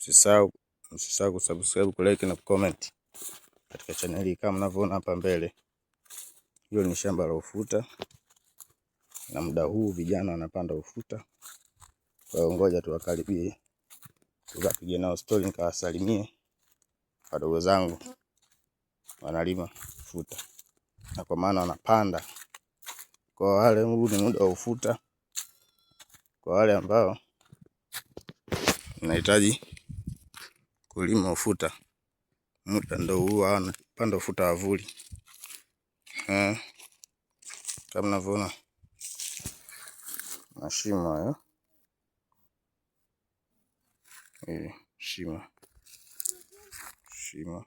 Usisahau usisahau kusubscribe, kulike na kucomment katika channel hii. Kama mnavyoona hapa mbele, hilo ni shamba la ufuta, na muda huu vijana wanapanda ufuta. Kwa hiyo ngoja tuwakaribie tukapige nao stori, nikawasalimie wadogo zangu wanalima ufuta, na kwa maana wanapanda. Kwa wale, huu ni muda wa ufuta, kwa wale ambao nahitaji kulima ufuta. muda ndo huwa anapanda ufuta avuli, eh, kama unavyoona mashimo hayo eh, shimo shimo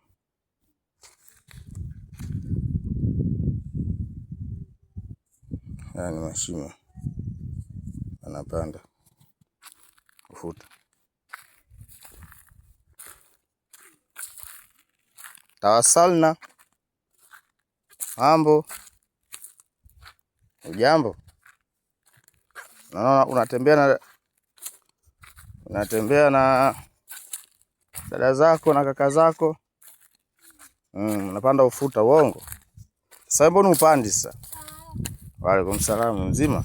haya ni mashimo, anapanda ufuta. tawasalna mambo, ujambo? Naona unatembea na unatembea na dada zako na kaka zako, hmm, unapanda ufuta uongo. Sasa mbona upandi sasa? Waalaikum salaam, mzima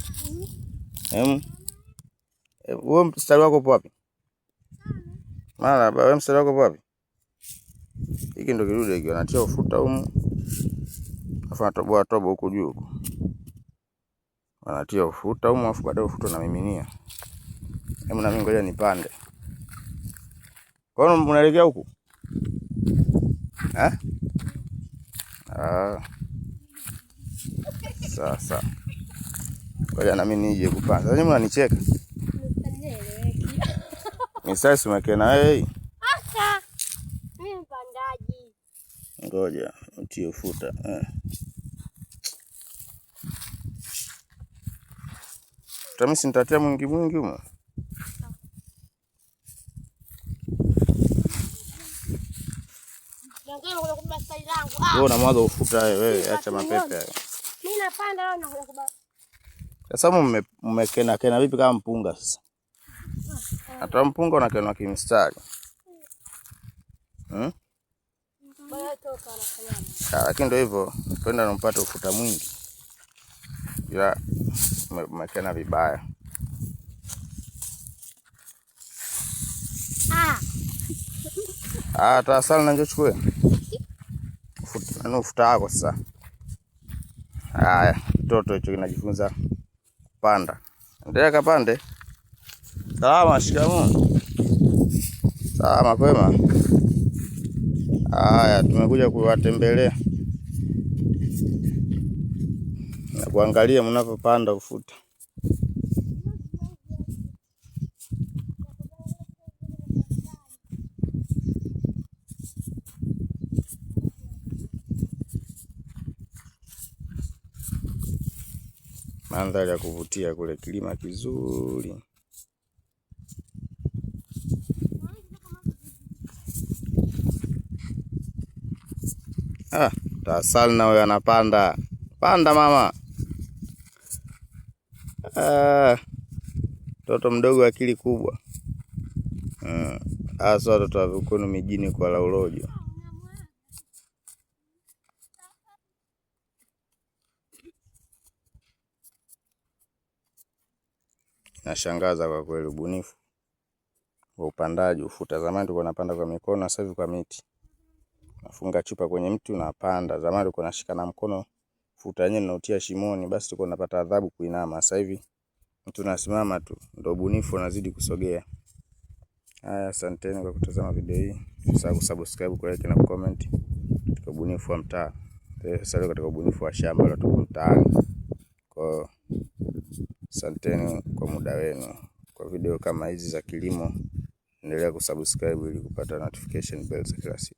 wewe? Mstari wako upo wapi? Mara wewe mstari wako upo wapi? Hiki ndo kidude hiki anatia ufuta humu. Alafu anatoboa tobo huku juu huku. Wanatia ufuta humu afu baadaye ufuta unamiminia. Hebu na mimi ngoja nipande. Kwa nini unaelekea huku? Eh? Ah. Sasa. Ngoja na mimi nije kupanda. Sasa mnanicheka. Misasi umekena wewe. Ngoja utie ufuta eh. Tamisi nitatia mwingi mwingi humo. Unamwaga ufuta wewe, acha mapepe hayo. Sasa mmekena kena vipi kama mpunga sasa? Ah, ah. Hata mpunga unakenwa kimstari hmm? Ah, lakini ndio hivyo kwenda nampata ufuta mwingi, ila mekana vibaya ah. Ah, tasala nanjochukue yaani ufuta wako sasa. Haya, mtoto hicho kinajifunza kupanda. Endelea kapande. Salama, shikamoo. Salama, kwema. Haya, tumekuja kuwatembelea na kuangalia mnavyopanda ufuta. Mandhari ya kuvutia kule, kilima kizuri. Ah, tasali na huyo anapanda panda mama. Ah, mtoto mdogo akili kubwa hmm, hasa watoto wa vikunu mijini kwa laulojo nashangaza kwa kweli, ubunifu wa upandaji ufuta. Zamani tulikuwa tunapanda kwa mikono, sasa hivi kwa miti nafunga chupa kwenye mti unapanda. Zamani ulikuwa unashika na mkono, futa yenyewe unautia shimoni, basi tulikuwa tunapata adhabu kuinama. Sasa hivi mtu unasimama tu, ndio ubunifu unazidi kusogea. Haya, asanteni kwa kutazama video hii. Usisahau kusubscribe, ku like na comment. Katika ubunifu wa mtaa, eh, sasa katika ubunifu wa shamba la tuko mtaani. Kwa asanteni kwa muda wenu. Kwa video kama hizi za kilimo, endelea kusubscribe ili kupata notification bell za kila siku.